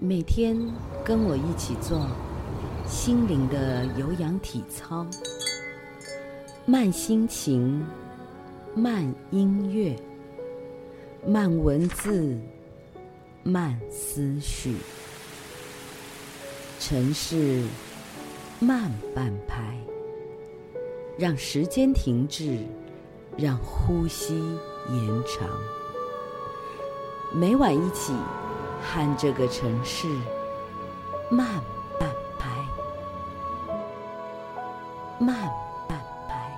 每天跟我一起做心靈的有氧體操，慢心情，慢音樂，慢文字，慢思緒，城市慢半拍，讓時間停滯，讓呼吸延長。每晚一起。看這個城市，慢半拍，慢半拍。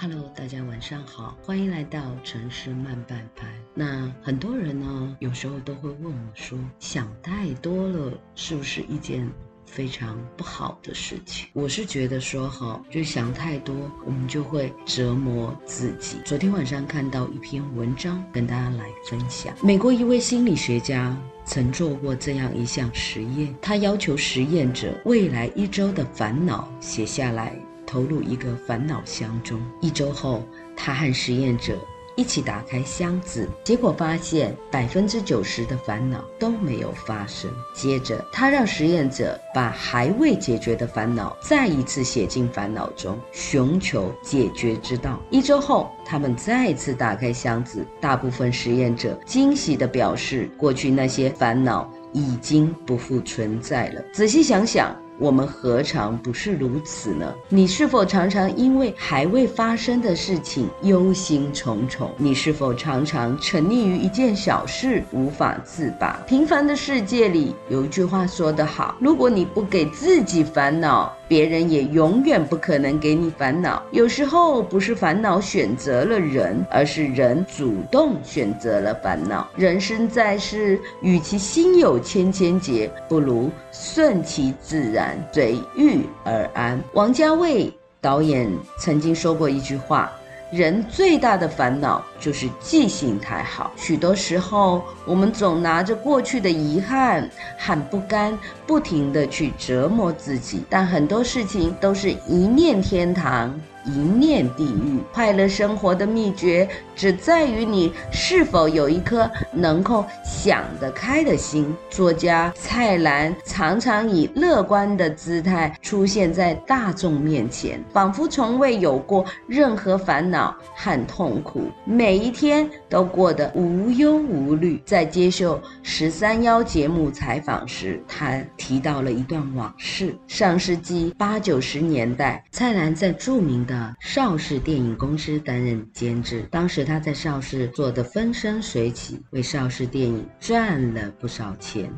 Hello，大家晚上好，歡迎來到《城市慢半拍》那。那很多人呢，有時候都會問我說，想太多了，是不是一件？非常不好的事情，我是覺得說哈，就想太多，我們就會折磨自己。昨天晚上看到一篇文章，跟大家來分享。美國一位心理學家曾做過這樣一項實驗，他要求實驗者未來一周的煩惱寫下來，投入一個煩惱箱中。一周後，他和實驗者，一起打開箱子，結果發現百分之九十的煩惱都沒有發生。接着，他讓實驗者把還未解決的煩惱再一次寫進煩惱中，尋求解決之道。一周後，他們再次打開箱子，大部分實驗者驚喜地表示，過去那些煩惱已經不復存在了。仔細想想。我們何嘗不是如此呢？你是否常常因為還未發生的事情憂心忡忡？你是否常常沉溺於一件小事無法自拔？平凡的世界裡有一句話說得好：如果你不給自己煩惱，別人也永遠不可能給你煩惱。有時候不是煩惱選擇了人，而是人主動選擇了煩惱。人生在世，與其心有千千結，不如順其自然。隨遇而安。王家衛導演曾經說過一句話：“人最大的煩惱就是記性太好。”許多時候，我們總拿着過去的遺憾和不甘，不停地去折磨自己。但很多事情都是一念天堂。一念地獄，快樂生活的秘訣只在於你是否有一顆能夠想得開的心。作家蔡瀾常常以樂觀的姿態出現在大眾面前，仿佛從未有過任何煩惱和痛苦，每一天都過得無憂無慮。在接受十三邀節目採訪時，他提到了一段往事：上世紀八九十年代，蔡瀾在著名的邵氏電影公司擔任監製，當時他在邵氏做得風生水起，為邵氏電影賺了不少錢。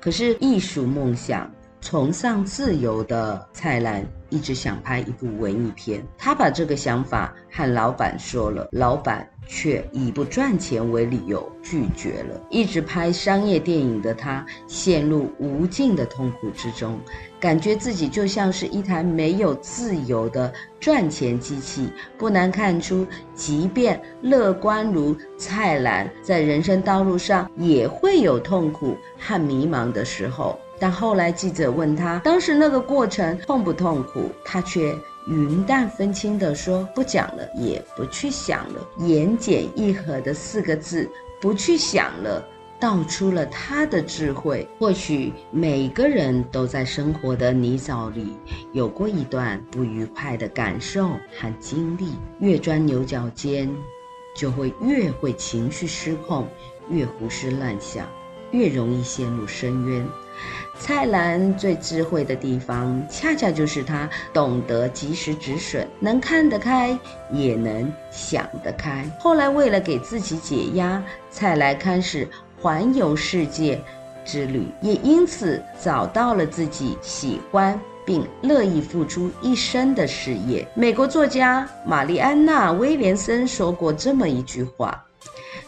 可是藝術夢想、崇尚自由的蔡瀾一直想拍一部文藝片，他把這個想法和老闆說了，老闆。卻以不賺錢為理由拒絕了。一直拍商業電影的他，陷入無盡的痛苦之中，感覺自己就像是一台沒有自由的賺錢機器。不難看出，即便樂觀如蔡瀾，在人生道路上也會有痛苦和迷茫的時候。但後來記者問他，當時那個過程痛不痛苦？他卻……雲淡風輕地說：“不講了，也不去想了。”言簡意賅的四個字，“不去想了”，道出了他的智慧。或許每個人都在生活的泥沼裡有過一段不愉快的感受和經歷。越鑽牛角尖，就會越會情緒失控，越胡思亂想，越容易陷入深淵。蔡瀾最智慧的地方，恰恰就是他懂得及時止損，能看得開，也能想得開。後來，為了給自己解壓，蔡瀾開始環遊世界之旅，也因此找到了自己喜歡並樂意付出一生的事業。美國作家瑪麗安娜·威廉森說過這麼一句話。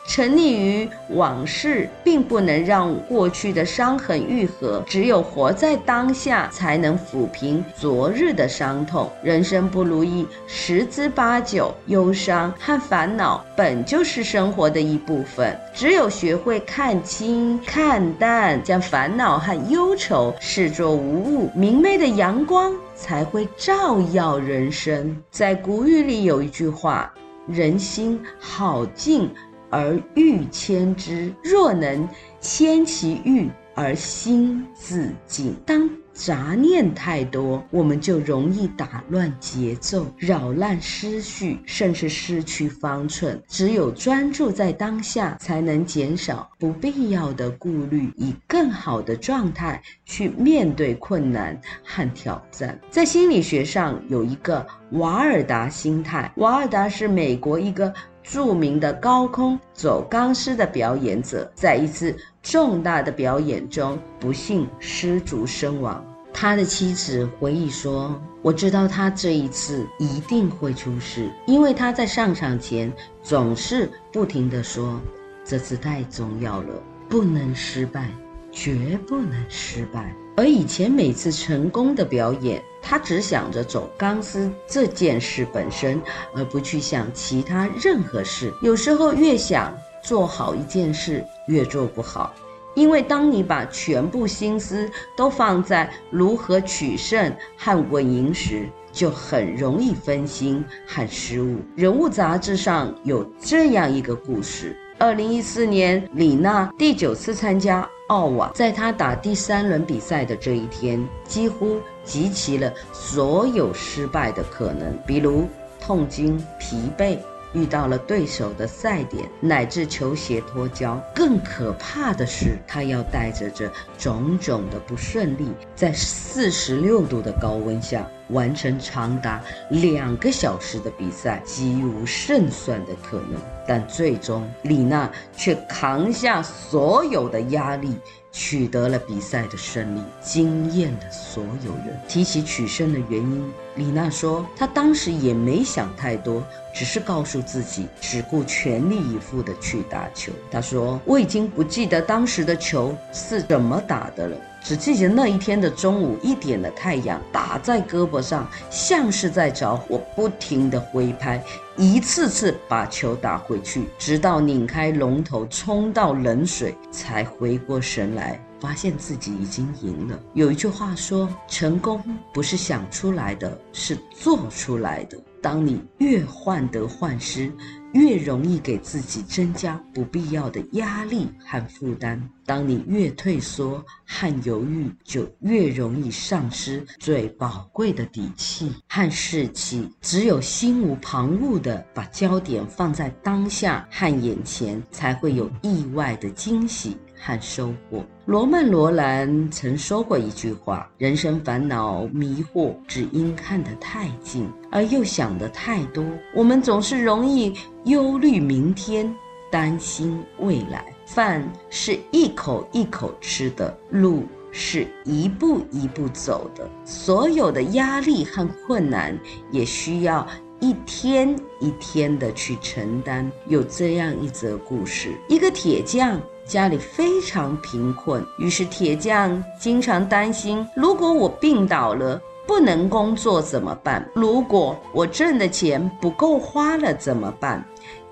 沉溺於往事，並不能讓過去的傷痕癒合。只有活在當下，才能撫平昨日的傷痛。人生不如意，十之八九，憂傷和煩惱本就是生活的一部分。只有學會看清、看淡，將煩惱和憂愁視作無物，明媚的陽光才會照耀人生。在古語裡有一句話：“人心好靜。”而欲牽之，若能遣其欲而心自靜。當雜念太多，我們就容易打亂節奏，擾亂思緒，甚至失去方寸。只有專注在當下，才能減少不必要的顧慮，以更好的狀態去面對困難和挑戰。在心理學上，有一個瓦爾達心態。瓦爾達是美國一個。著名的高空走鋼絲的表演者，在一次重大的表演中不幸失足身亡。他的妻子回憶說：“我知道他這一次一定會出事，因為他在上場前總是不停的說，這次太重要了，不能失敗，絕不能失敗。”而以前每次成功的表演，他只想着走鋼絲這件事本身，而不去想其他任何事。有時候越想做好一件事，越做不好，因為當你把全部心思都放在如何取勝和穩贏時，就很容易分心和失誤。人物雜誌上有這樣一個故事。二零一四年，李娜第九次參加澳網，在她打第三輪比賽的這一天，幾乎集齊了所有失敗的可能，比如痛經、疲憊。遇到了對手的賽點，乃至球鞋脫膠。更可怕的是，他要帶着這種種的不順利，在四十六度的高溫下完成長達兩個小時的比賽，幾無勝算的可能。但最終，李娜卻扛下所有的壓力。取得了比賽的勝利，驚豔了所有人。提起取勝的原因，李娜說，她當時也沒想太多，只是告訴自己，只顧全力以赴地去打球。她說，我已經不記得當時的球是怎麼打的了。只記得那一天的中午一點的太陽打在胳膊上，像是在着火，不停地揮拍，一次次把球打回去，直到擰開龍頭沖到冷水才回過神來，發現自己已經贏了。有一句話說，成功不是想出來的，是做出來的。當你越患得患失，越容易給自己增加不必要的壓力和負擔；當你越退縮和猶豫，就越容易喪失最寶貴的底氣和士氣。只有心無旁騖地把焦點放在當下和眼前，才會有意外的驚喜。和收穫。羅曼·羅蘭曾說過一句話：“人生煩惱、迷惑，只因看得太近而又想得太多。”我們總是容易憂慮明天，擔心未來。飯是一口一口吃的，路是一步一步走的。所有的壓力和困難，也需要一天一天的去承擔。有這樣一則故事：一個鐵匠。家裡非常貧困，於是鐵匠經常擔心：如果我病倒了不能工作怎麼辦？如果我掙的錢不夠花了怎麼辦？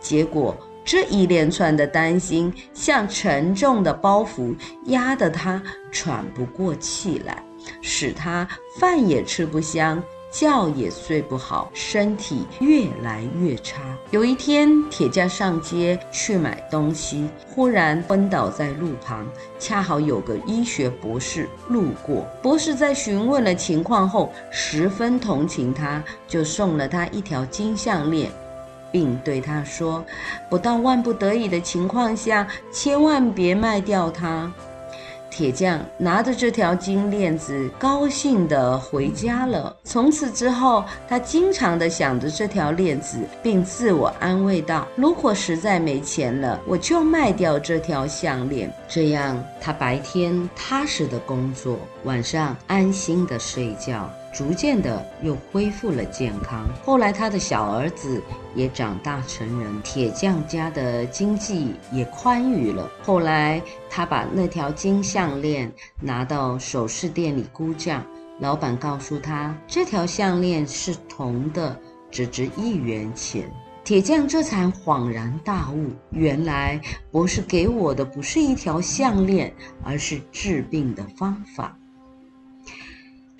結果這一連串的擔心像沉重的包袱，壓得他喘不過氣來，使他飯也吃不香。覺也睡不好，身體越來越差。有一天，鐵匠上街去買東西，忽然昏倒在路旁，恰好有個醫學博士路過。博士在詢問了情況後，十分同情他，就送了他一條金項鏈，並對他說：“不到萬不得已的情況下，千萬別賣掉它。”鐵匠拿着這條金鏈子，高興的回家了。從此之後，他經常的想着這條鏈子，並自我安慰道：“如果實在沒錢了，我就賣掉這條項鏈。”這樣，他白天踏實的工作，晚上安心的睡覺。逐漸的又恢復了健康。後來他的小兒子也長大成人，鐵匠家的經濟也寬裕了。後來他把那條金項鏈拿到首飾店裡估價，老闆告訴他，這條項鏈是銅的，只值一元錢。鐵匠這才恍然大悟，原來博士給我的不是一條項鏈，而是治病的方法。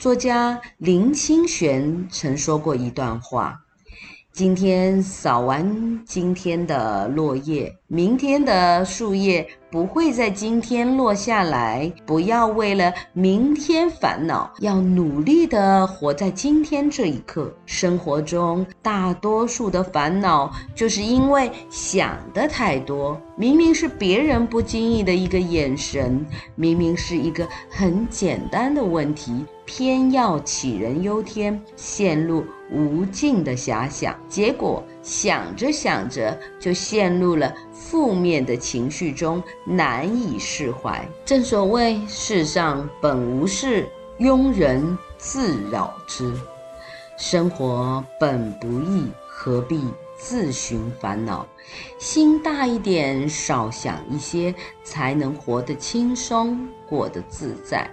作家林清玄曾說過一段話。今天掃完今天的落葉，明天的樹葉不會在今天落下來。不要為了明天煩惱，要努力的活在今天這一刻。生活中大多數的煩惱，就是因為想的太多。明明是別人不經意的一個眼神，明明是一個很簡單的問題，偏要杞人憂天，陷入無盡的遐想，結果想着想着就陷入了負面的情緒中，難以釋懷。正所謂，世上本無事，庸人自擾之。生活本不易，何必自尋煩惱？心大一點，少想一些，才能活得輕鬆，過得自在。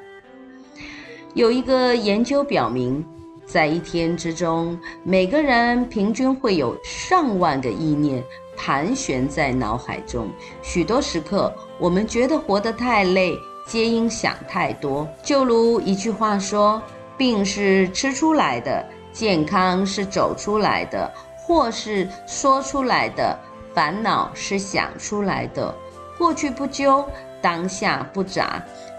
有一個研究表明，在一天之中，每個人平均會有上萬個意念盤旋在腦海中。許多時刻，我們覺得活得太累，皆因想太多。就如一句話說：“病是吃出來的，健康是走出來的，禍是說出來的，煩惱是想出來的。”過去不糾，當下不雜，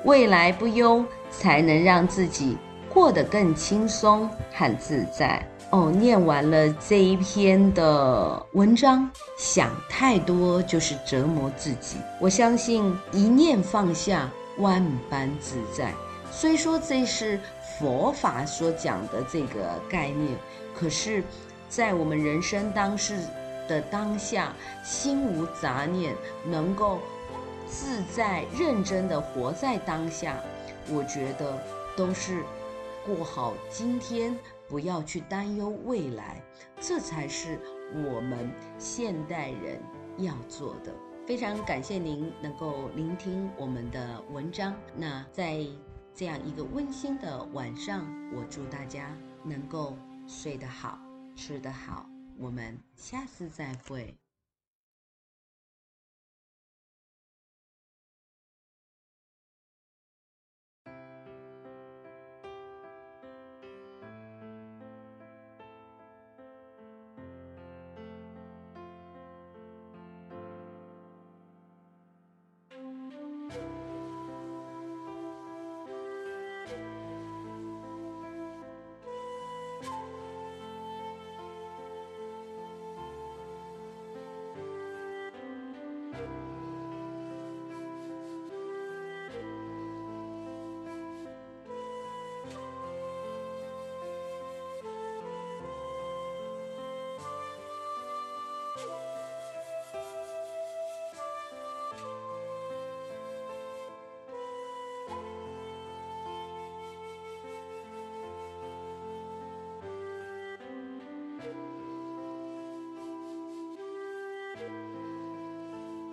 未來不憂，才能讓自己。過得更輕鬆和自在哦。念完了這一篇的文章，想太多就是折磨自己。我相信一念放下，萬般自在。雖說，這是佛法所講的這個概念，可是，在我們人生當世的當下，心無雜念，能夠自在認真地活在當下，我覺得都是。過好今天，不要去擔憂未來，這才是我們現代人要做的。非常感謝您能夠聆聽我們的文章。那在這樣一個溫馨的晚上，我祝大家能夠睡得好，吃得好。我們下次再會。